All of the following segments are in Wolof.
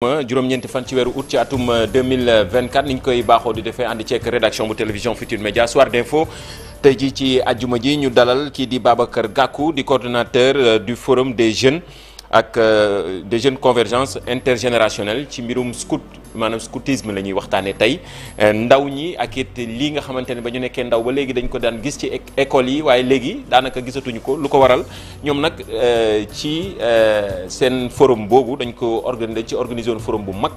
juróom-ñeenti fan ci weeru août ci atum 2024 ni ñu koy baaxoo di defee ànd ceek rédaction bu télévision Futur Média soir d'info te jii ci ajuma ji ñu dalal kii di baaba kër gàkku di coordonnateur euh, du forum des jeunes ak euh, des jeunes convergence intergénérationnelle ci mbirum scout maanaam scoutisme la ñuy waxtaanee tey euh, ndaw ñi ak it lii nga xamante ne ba ñu nekkee ndaw ba léegi dañ ko daan gis ci école yi waaye léegi daanaka gisatuñu ko lu ko waral ñoom nag euh, ci seen forum boobu dañ ko organiser ci organiser woon forum bu mag.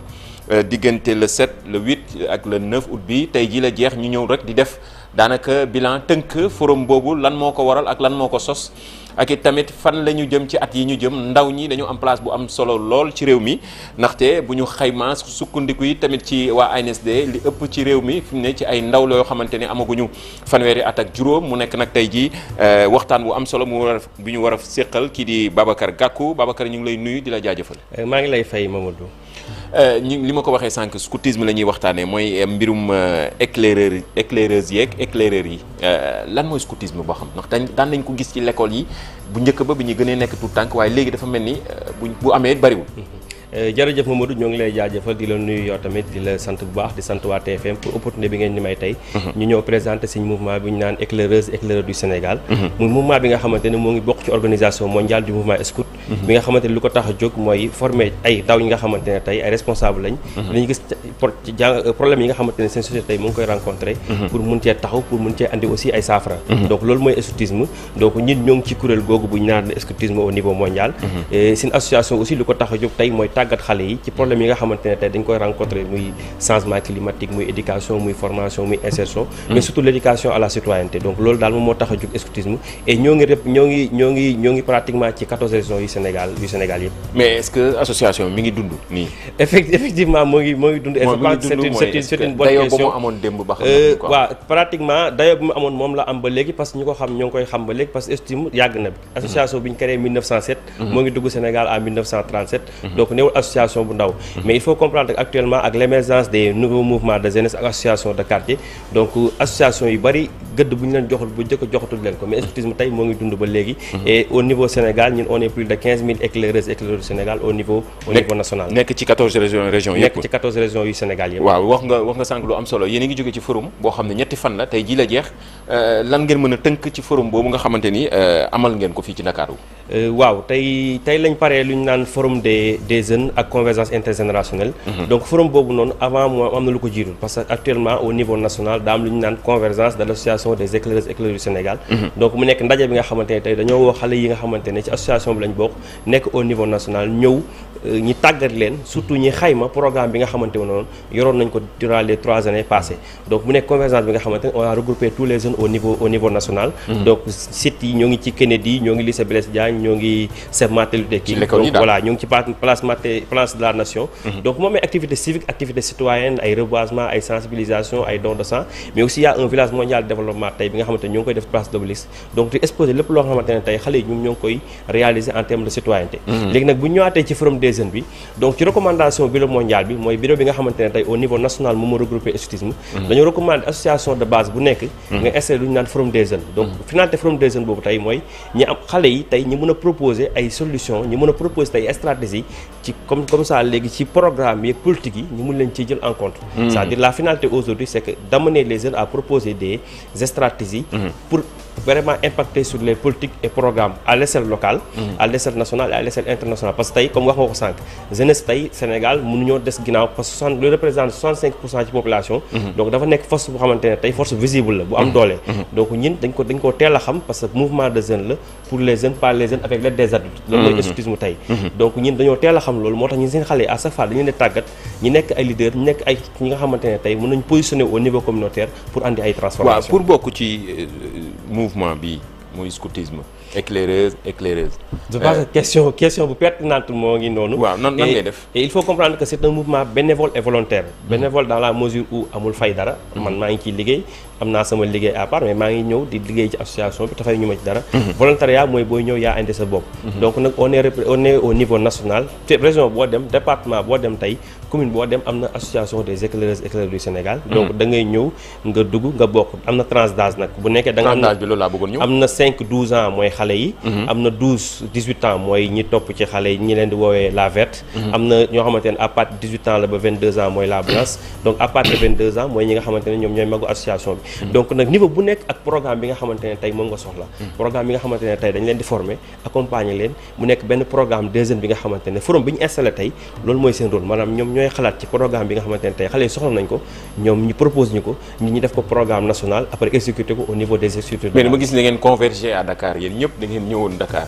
Euh, diggante la 7 le 8 ak le 9 août bi tey jii la jeex ñu ñëw rek di def daanaka bilan tënk forom boobu lan moo ko waral ak lan moo ko sos ak it tamit fan la ñu jëm ci at yi ñu jëm ndaw ñi dañu am place bu am solo lool ci réew mi ndaxte bu ñu xaymaa sukkandiku yi tamit ci waa ANSD li ëpp ci réew mi fi mu ne ci ay ndaw la yoo xamante ne amaguñu fanweeri at ak mu nekk nag tey jii euh, waxtaan bu am solo mu war a bu ñu war a séqal kii di Babacar Gakou Babacar ñu ngi lay nuyu di la jaajëfal. Euh, maa ngi lay fay Mamadou. Euh, ñu li ma ko waxee sànq scoutisme la ñuy waxtaanee mooy euh, mbirum euh, éclaireur éclaireuses yeeg éclaireurs yi lan mooy scoutisme boo xam ndax dañ daan nañ ko gis ci l'école yi bu njëkk ba bi ñu gënee nekk tout tànk waaye léegi dafa mel ni bu bu amee bariwul mm-hmm. Eh, jërëjëf Mamadou ñoo ngi lay jaajëfal di la nuyu yow tamit di la sant bu baax di sant waa TFM pour opportunité bi ngeen ñu may tey mhm. ñu ñëw présenter suñu mhm. mouvement bi nga xamante ne moo ngi bokk ci organisation mondiale du mouvement mhm. a jóg mooy former ay ndaw ñi nga xamante euh, seen société aussi bu lu ko tax a jóg tey mooy tàggat xale yi ci problème yi nga xamante ne tey dañ koy rencontrer muy changement climatique muy éducation muy formation muy insertion mm. mais surtout l'éducation à la citoyenneté donc loolu daal moo tax a jóg scoutisme ngi dund effectivement moo ngi dund c'est dayo bi euh, mu amoon moom la am ba léegi parce que ñu ko xam ñoo koy xam ba léegi parce que estime yàgg na bi mm-hmm. association bi ñu créé 1907 mm-hmm. moo ngi dugg Sénégal en 1937 nekkul association bu ndaw mhm. mais il faut comprendre que actuellement ak l'émergence des nouveaux mouvements de jeunesse ak association de quartier donc association yu bari gëdd bu ñu leen joxul bu jëkk joxatul leen ko mais scoutisme tey moo ngi dund ba léegi mhm. et au niveau Sénégal ñun on est plus de 15 000 éclaireuses éclaireurs Sénégal au niveau au niveau national nekk ci 14 régions régions yëpp nekk ci 14 régions yu Sénégal yëpp waaw wax nga wax nga sànq lu am solo yéen a ngi jóge ci forum boo xam ne ñetti fan la tey ji la jeex Euh, lan ngeen mën a tënk ci forum boobu nga xamante ni euh, amal ngeen ko fii ci Ndakaaru euh, waaw tey tey paree lu ñu naan forum des des jeunes ak convergence intergénérationnelle mhm. donc forum boobu noonu avant moom am na lu ko jiitu parce que actuellement au niveau national daa am lu ñu naan convergence de l' association des éclaireuses éclaireurs du Sénégal mhm. donc mu nekk ndaje bi nga xamante ne tey dañoo woo xale yi nga xamante ne ci association bi lañ bokk nekk a au niveau national. Mhm. donc sites yi ñoo ngi ci Kennedy ñoo ngi lycée Blaise Diagne ñoo ñoo ngi ci place Martin place de la nation. Mhm. donc moom ay activité civique activité citoyenne ay reboisement ay sensibilisation ay don de sang mais aussi y un village mondial de développement bi nga xamante ne ñoo ngi koy def place de l'Obélisque donc di exposer lépp loo xamante ne tey xale yi ñoom ñoo ngi koy réaliser en termes de citoyenneté. Mhm. léegi nag bu ñu ñëwaatee ci forum des essai lu ñu naan forum des jeunes donc mm. finalité forum des jeunes boobu tey mooy ñi am xale yi tey ñu mën a proposer ay solution ñu mën a proposer tey stratégie ci comme comme ça léegi ci programme yeeg politique yi ñu mun leen ciy jël en compte mm. dire la finalité aujourd'hui c'est que d'amener les jeunes à proposer des stratégies mm. pour vraiment impacté sur les politiques et programmes à l'échelle locale. Mm-hmm. à l'échelle nationale à l'échelle internationale parce que tey comme wax nga ko sànq jeunesse tey Sénégal mënuñoo des ginnaaw parce que soixante lu représente 65 pour cent ci population. Mm-hmm. donc dafa nekk force bu xamante ne tey force visible la bu am mm-hmm. doole. donc ñun dañ ko dañ koo teel a xam parce que mouvement de jeunes la pour les jeunes par les jeunes avec l'aide des a ñi nekk ay leader ñi nekk ay ñi nga xamante ne tey mën nañ positionner au niveau communautaire pour andi ay transformation waaw pour bokk ci euh, mouvement bi mooy scoutisme éclaireuse éclaireuse. je pense que question question bu pertinente moo ngi noonu. waaw nan nan ngay def et il faut comprendre que c' mouvement bénévole et volontaire. Mm. bénévole dans mesure où amul fay dara. Mm. man maa ngi ciy liggéey am naa sama liggéey à part mais maa ngi ñëw di liggéey ci association bi dafay ñu ma ci dara. Mm-hmm. volontariat mooy booy ñëw yaa indi sa bopp. Mm-hmm. donc nag on est au niveau national te région boo dem département boo dem tey commune boo dem am na association des éclaireuses éclaireurs du Sénégal. Mm-hmm. xale yi mhm. am na douze dix huit ans mooy ñi topp ci xale yi ñi leen di woowee la verte mhm. am na ñoo xamante ne dix huit ans la ba vingt deux ans mooy la mhm. blanche donc à vingt deux ans mooy ñi nga xamante ñoom ñooy magu association bi donc nag niveau bu nekk ak programme bi nga xamante tey moom nga soxla programme bi nga xamante tey xale yi soxla nañ ko ñoom ñu propose ñu ko ñi def ko programme national après exécuté ko au niveau des yëpp da ngeen ñëwoon Dakar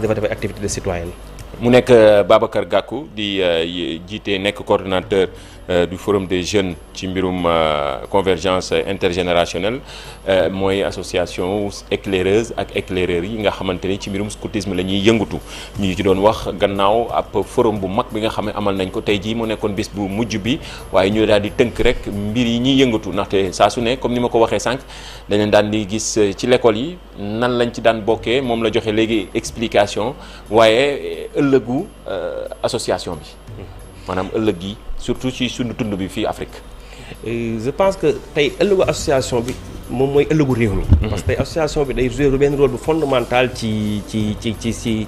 dafa développement activité de citoyenne mu nekk euh, Babacar Gakou di euh, jiite nekk ordinateur Euh, du forum des jeunes ci mbirum euh, convergence intergénérationnelle euh, mooy association éclaireuse ak éclaireurs yi nga xamante ni ci mbirum scoutisme la ñuy yëngatu ñu ngi ci doon wax gannaaw ab forum bu mag bi nga xam ne amal nañ ko tey jii moo nekkoon bis bu mujj bi waaye ñu daal di tënk rek mbir yi ñuy yëngatu ndaxte saa su ne comme ni ma ko waxee sànq dañ daan di gis ci l'école yi nan lañ ci daan bokkee moom la joxe léegi explication waaye ëllëgu association bi maanaam ëllëg gi surtout ci suñu tund bi fii Afrique. je pense que tey ëllëgu association bi moom mooy ëllëgu réew mi. Mm-hmm. parce que association bi day jouer benn rôle bu fondamental ci ci ci ci ci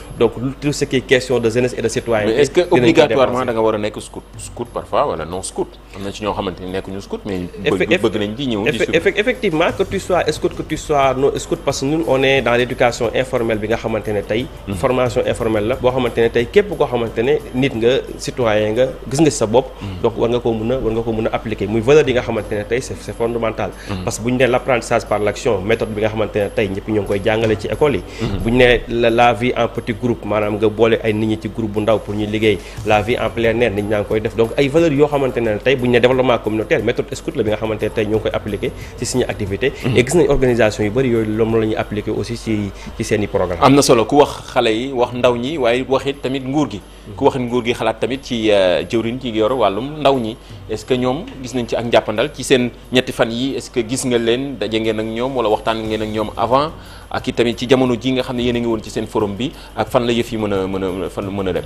donc tout ce de jeunesse et de citoyenneté. mais est que obligatoirement da war a nekk scout scout parfois wala non scout parce que ñun on dans l'éducation informelle bi nga xamante tey. Mhm. formation informelle la boo xamante tey képp koo xamante nit nga citoyen nga gis nga sa bopp. Mhm. donc war nga koo mën a war nga ko mën a appliquer muy valeur yi nga xamante ne tey c'est fondamental. Mhm. parce que bu ñu nee l'apprentissage par l'action méthode bi nga xamante ci groupe maanaam nga boole ay nit ñi ci groupe bu ndaw pour ñu liggéey la vie en plein nit ñaa ngi koy def donc ay valeurs yoo xamante ne tey bu ñu ne développement communautaire méthode scout la bi nga xamante ne tey ñoo ngi koy appliqué ci suñu activité mm-hmm. et gis nañ organisation yu bëri yooyu loolu la ñuy appliqué aussi ci ci i programme am na solo ku wax xale yi wax ndaw ñi waaye wax tamit nguur gi ku wax nguur gi xalaat tamit ci euh, jëwriñ ci yor wàllum ndaw ñi est-ce que ñoom gis nañ ci ak njàppandal ci seen ñetti fan yi est-ce que gis nga leen daje ngeen ak ñoom wala waxtaan ngeen ak ñoom avant ak i tamit ci jamono ji nga xam ne yéen ngi woon ci seen forum bi ak fan la yëf yi mën a mën a mën a dem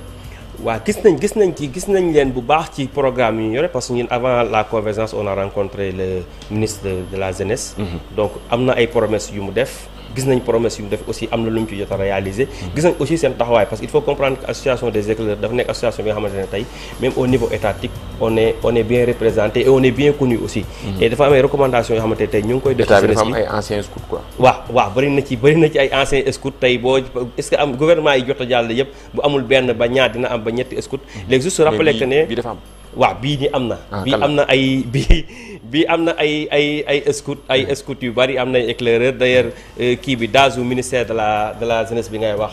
waaw gis nañ gis nañ ci gis nañ leen bu baax ci programme yu ñu yore parce que ñun avant la convergence on a rencontré le ministre de la jeunesse mhm. donc am na ay promesses yu mu def gis nañ promesse yu mu def aussi am na lu ñu ci jot a réaliser gis nañ aussi seen taxawaay parce que il faut comprendre que association des éclaireurs dafa nekk association bi nga xamante ne tey même au niveau étatique on est on est bien représenté et on bien connu aussi mhm. et dafa am ay recommandations yoo xamante ne tey ñu ngi koy def dafa am ay anciens scouts quoi waaw tey boo est-ce que am gouvernement yi jot a jàll yëpp bu amul benn ba ñaar dina am ba ñetti scouts mhm. léegi juste rappeler que ne waaw bii ni am na. Ah, bii am na ay bii bii am na ay ay ay scout ay eh. scout yu bari am na ay éclaireur d'ailleurs euh, kii bi dazu ministère de la de la jeunesse bi ngay wax.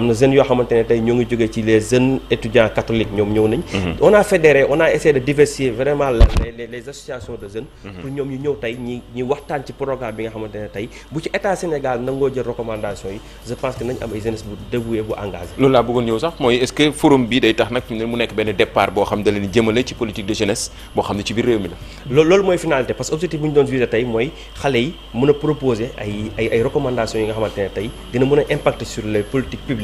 am na jeunes yoo xamante ne ñoo ngi jógee ci les jeunes étudiants catholiques ñoom ñëw nañ mhm. on fédéré on a de diversifier vraiment les les associations de jeunes mhm. pour ñoom ñu ñëw tey ñi ñi waxtaan ci programme bi nga xamante ne bu ci état Sénégal nangoo jël recommandation yi je pense que nañ am ay jeunesse bu dévoué bu engagé loolu laa bëggoon ñëw sax mooy est-ce que forum bi day tax nag mu nekk benn départ boo xam da leen jëmale ci politique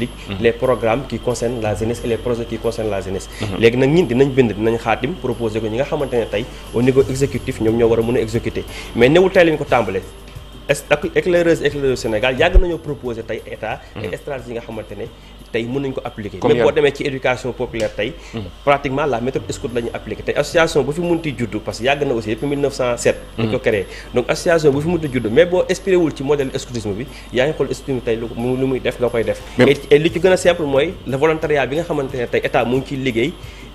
politiques mhm. les programmes qui concernent la jeunesse et les projets qui concernent la jeunesse mhm. léegi nag ñun dinañ bind dinañ xaatim proposé ko ñi nga xamante ne tey au niveau exécutif ñoom ñoo war a mën mais newul tey lañ ko tàmbalee est éclaireuse Sénégal yàgg nañoo proposé tey état mhm. et yi nga xamante ne tey mën nañu ko appliquer même boo demee ci éducation populaire tey hmm. pratiquement la méthode scout la ñu appliquer tey association bu fi munti judd parce que yàgg na aussi depuis 1907 dañ hmm. ko créé donc association bu fi munti judd mais boo inspiré ci modèle scoutisme bi yaa ngi xool scoutisme tey lu lu muy def nga koy def et ci gën a simple mooy le bi nga xamante ne tey état mu ngi ciy liggéey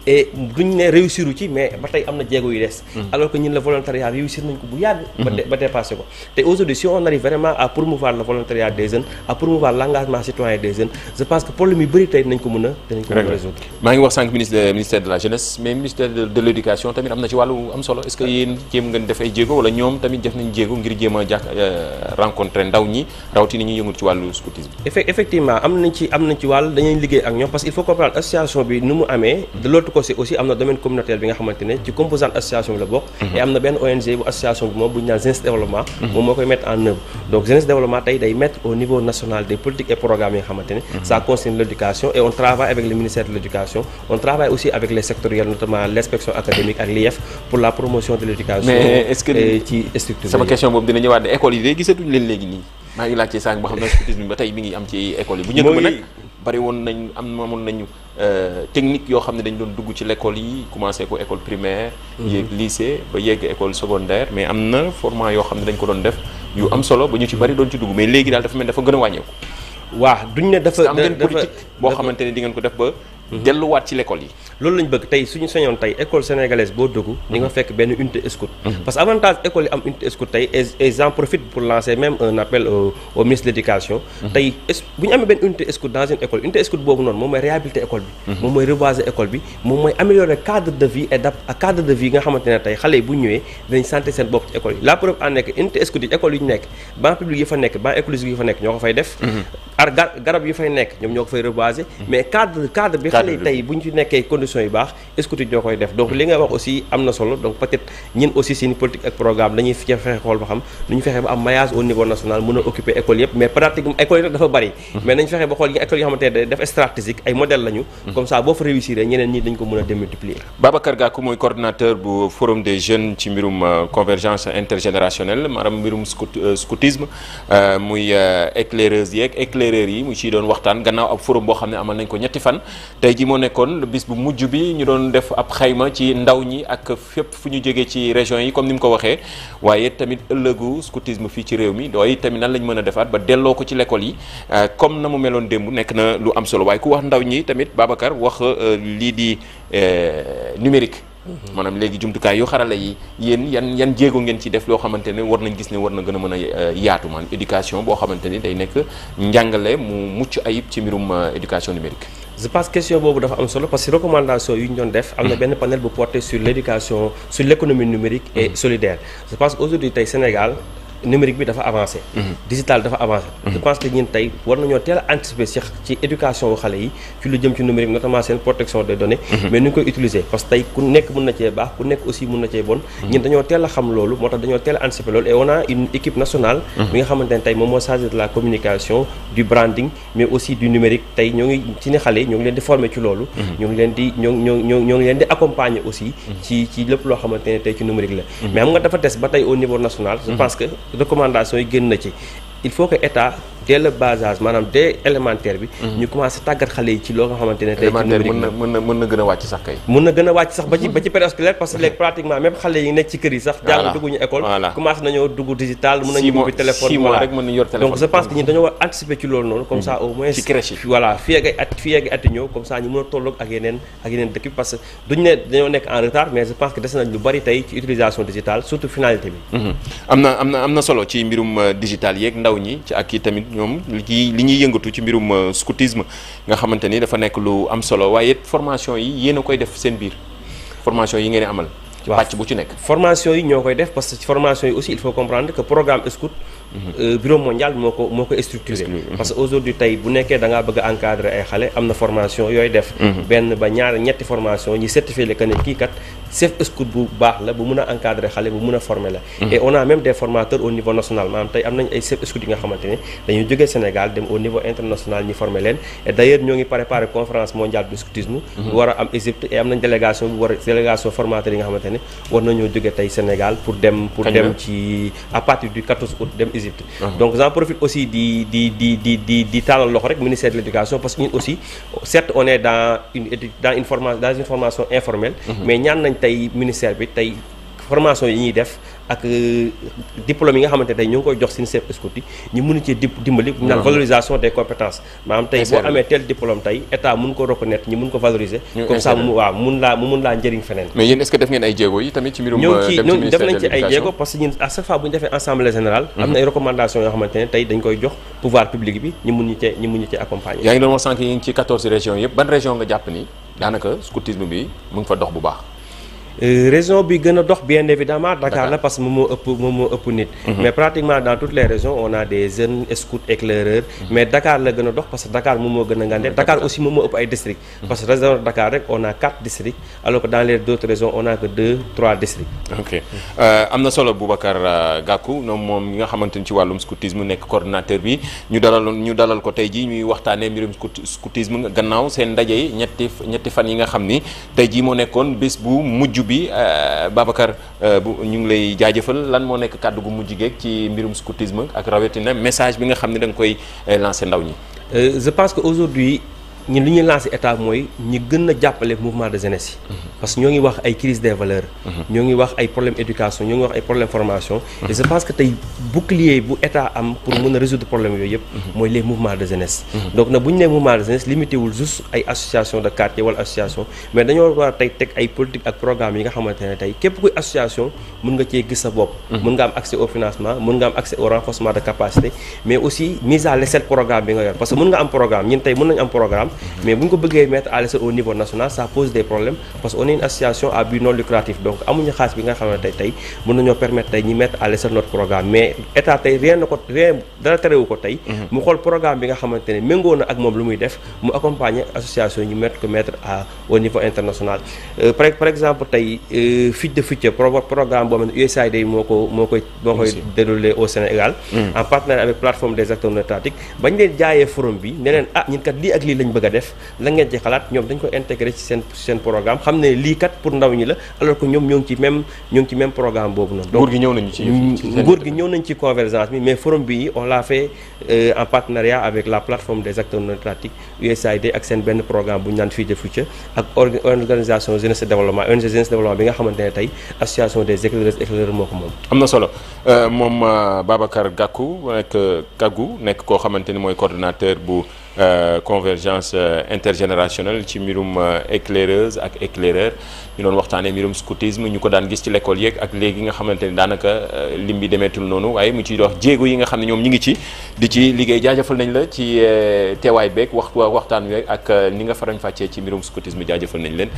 et duñ ne réussir ci mais ba tey am na jéego yu des. Mm-hmm. alors que ñun le volontariat réussir nañ ko bu yàgg. ba mm-hmm. ba ko te aujourd'hui si on arrive vraiment à promouvoir le volontariat des des jeunes a. dinañ la jeunesse mais ci wàllu am solo est-ce a jàkk euh, rencontrer ndaw ñi rawatina ñuy yëngu ci wàllu scoutisme. effectivement am nañ ci am nañ ci wàll dañuy liggéey ak ñoom parce que il faut comprendre association bi nu mu amee de l'autre autre communautaire bi nga xamante ci composante association bi la bokk mhm. am na benn ONG bu association bi moom bu ñu naan jeunesse développement mhm. moom moo koy mettre en œuvre donc jeunesse développement tey day mettre au niveau national des politiques et programmes yi nga xamante ne mhm. ça l'éducation et l'IEF pour la promotion de l'éducation ci structure boobu dina ñëwaat ne école yi léegi gisatuñu leen léegi nii maa ngi laajte sànq boo xam ne scoutisme bari woon nañ am na amoon nañu euh, technique yoo xam ne dañu doon dugg ci lekkool yi commencé ko école primaire mhm. yéeg lycée ba yegg école secondaire mais am na format yoo xam ne dañ ko doon def yu am solo ba ñu ci bari doon ci dugg mais léegi daal dafa mel dafa gën a wàññeeku waaw duñ ne sa am ngeen politique boo xamante ne di ngeen ko def ba Mhm. delluwaat ci l'école yi loolu lañ bëgg tey suñu sañoon tey école sénégalaise boo dugg di fekk benn unité scout mhm. parce que avantage école yi am unité scout tey et j'en pour lancer même un appel mhm. tey bu amee benn unité scout dans une école unité scout boobu noonu moom mooy réhabiliter école bi moom mooy améliorer cadre de vie et cadre de vie nga xamante ne tey xale yi bu ñëwee dañ santé seen bopp ci école yi la preuve en nekk xale tey bu ñu ci nekkee conditions yu baax écoute ñoo koy def donc li nga wax aussi am na solo donc peut-être aussi seen politique ak programme dañuy fexe xool ba xam nu ñu fexe ba am maillage au niveau national a occuper école yëpp mais pratiquement dafa bari mhm. mais nañ fexe ba xool yi école yoo xamante ne def stratégique ay modèle lañu mhm. comme ça boo fa réussir ñeneen ñi dañ ko mën a démultiplier Babacar Gakou mooy coordinateur bu forum des jeunes ci mbirum euh, convergence intergénérationnelle maanaam mbirum euh, scoutisme euh, muy yi mu ciy doon waxtaan gannaaw boo xam ko ñetti fan tey moo nekkoon bis bu mujj bi ñu doon def ab xayma ci ndaw ñi ak fépp fu ñu jógee ci région yi comme ni mu ko waxee waaye tamit ëllëgu scoutisme fii ci réew mi dooy tamit nan lañ mën a defaat ba delloo ko ci l'école yi euh, comme na mu meloon démb nekk na lu am solo waaye ku wax ndaw ñi tamit Babacar wax euh, lii di euh, numérique mhm. maanaam léegi jumtukaay yu xarala yi yéen yan yan jéego ngeen ci def loo xamante ne war nañ gis ne war na gën a mën a yaatu maanaam éducation boo xamante ni day nekk njàngale mu mucc ayib ci mbirum éducation numérique je pense question boobu dafa am solo parce que recommandation yu ñu doon def am na benn panel bu porté sur l' éducation sur l' économie numérique et mm-hmm. solidaire je pense aujourd'hui tey Sénégal numérique bi dafa avancé. Mhm. digital dafa avancé. Mhm. je pense que ñun tey war nañoo teel a anticiper ci éducation wu xale yi ci lu jëm ci numérique notamment seen protection des données. Mhm. mais ni ñu koy utiliser parce que tey ku nekk mën na cee baax ku nekk aussi mën na cee bon. ñun dañoo teel a xam loolu moo tax dañoo teel a anticiper loolu et une équipe nationale. bi nga tey moom moo chargé la communication du branding mais aussi du numérique ñoo ngi ci ne xale leen di former ci loolu. ñoo ngi leen di ñoo loo xamante ne tey ci numérique la. mais xam nga dafa des ba tey au recommandation yi génn na ci il faut que état dès le bas maanaam dès élémentaire bi. Mhm. ñu commencé tàggat xale yi ci loo xamante ne. tey ci na mën na gën a wàcc sax kay. mën na gën a wàcc sax ba ci mhm. ba ci parce que léegi pratiquement même xale yi nekk ci kër yi sax. voilà jàng dugguñu école. commencé nañoo dugg digital. mën nañu ubbi téléphone six mois rek mën nañu yor téléphone. Mhm. at fii ak ay at ñëw comme ça ñu mën a tolloog ak yeneen ak yeneen dëkk parce que duñu ne dañoo nekk en retard mais je ñoom li li ñuy yëngatu ci mbirum euh, scoutisme nga xamante ni dafa nekk lu am solo waaye formation yi yéen a koy def seen biir formation yi ngeen amal. ci pàcc bu ci nekk. formation yi ñoo koy def parce que formation yi aussi il faut comprendre que programme scout Euh, bureau mondial moo ko moo ko structuré parce que aujourd'hui tey bu nekkee da ngaa bëgg a encadrer ay xale am na formation yooyu def mhm. benn ba ñaar ñetti formation ñi certifié le que ne kii kat chef scout bu baax la bu mun a encadrer xale bu mun a former la mhm. et on a même des formateurs au niveau national maanaam tey am nañ ay chef scout yi nga xamante dañuy jógee Sénégal dem au niveau international ñu former leen et d'ailleurs ñoo ngi préparé conférence mondiale du scoutisme mhm. a am Égypte et xamante ne war nañoo jógee tey Sénégal pour dem pour dem ci à partir du Égypte uh-huh. donc j'en profite aussi di di di di di loxo rek ministère de l'éducation parce que ñun aussi certes on est dans une formation informelle uh-huh. mais ñaan nañ tey ministère bi tey formation yi ñuy def ak euh, diplôme yi nga xamante tey ñu ngi koy jox suñu chef scout ñu mën cee dimbali ñu naan valorisation des compétences maanaam tey boo amee tel diplôme tey état mun ko reconnaître ñu mun ko valoriser comme ça mu waaw mu mun laa njëriñ feneen mais yéen est def ngeen ay jéego yi tamit ci mbirum euh, def nañ ci ay jéego parce que ñu defee assemblée générale am mhm. yaa ngi doon wax sànq yi ngi ci 14 régions yëpp ban région nga jàpp ni daanaka scoutisme bi mu ngi Euh, région bi gën a dox bien évidemment Dakar la parce que moom moo ëpp moom moo ëpp nit mhm. mais pratiquement dans toutes les régions on a des jeunes scouts éclaireurs mhm. mais Dakar la gën a dox parce que Dakar moom moo gën a ngande Dakar aussi moom moo ëpp ay districts mhm. parce que région rek on a quatre districts alors que dans euh, am na solo Boubacar euh, Gakou ñoom moom ñi nga xamante ci wàllum scoutisme nekk coordinateur bi ñu dalal ñu dalal ko tey jii ñuy waxtaanee mbirum scoutisme gannaaw fan yi nga xam ni mujj bi euh, Babacar euh, ñu ngi lay jaajëfal lan moo nekk kàddu gu mujj geeg ci mbirum scoutisme ak rawetina message bi nga xam ne danga koy euh, lancer ndaw ñi. je pense que aujourd'hui ñun li ñuy lancé état mooy ñi gën a jàppale mouvement de jeunesse yi. Mhm. parce que ñoo ngi wax ay crise des valeurs. Mhm. ñoo ngi wax ay problème éducation ñoo ngi wax ay problème formation. Mhm. et je que tey bouclier bu état am pour mën a résoudre problème yooyu yëpp. mooy les mouvements de jeunesse. donc nag bu ñu nee mouvement de jeunesse limité wul juste ay association de quartier wala association mais dañoo war a tey teg ay politique ak programme yi nga xamante Mhm. mais bu ñu ko bëggee mettre à l'essai au niveau national ça pose des problèmes parce que on est association à but non lucratif donc amuñu xaalis bi nga xam tey tey mën nañoo permettre tey ñi mettre à l'essai notre programme mais état tey rien na ko rien dara terewu ko tey mhm. mu xool programme bi nga xamante ne méngoo ak moom lu muy def mu accompagner association ñu mettre ko mettre à au niveau international euh, par exemple tey euh, Future de Future programme boo xam bëgg a def la ngeen ci xalaat ñoom dañ ko intégré ci seen seen programme xam ne lii kat pour ndaw ñi la alors que ñoom ñoo ngi ci même même programme boobu noonu. donc nguur gi ñëw nañu ci ñëw nañ ci convergence bi mais forum bi on l'a fait euh, en partenariat avec la plateforme des acteurs non étatiques ak seen benn programme bu ñu naan Feed the Future ak organisation jeunesse développement ONG jeunesse développement bi nga xamante ne tey association des éclaireurs éclaireurs moo ko moom. am na solo euh, moom euh, Babacar nekk koo xamante ni mooy coordonnateur bu. Euh, convergence euh, intergénérationnelle ci mbirum euh, éclaireuse ak éclaireur ñu doon waxtaanee mbirum scoutisme ñu ko daan gis ci l'école yeeg ak léegi nga xamante ni daanaka lim bi demeetul noonu waaye mu ciy dox jéego yi nga xam ne ñoom ñi ngi ci di ci liggéey jaajëfal nañ la ci teewaay beeg waxtu waxtaan week ak ni nga farañ fàccee ci mbirum scoutisme jaajëfal nañ leen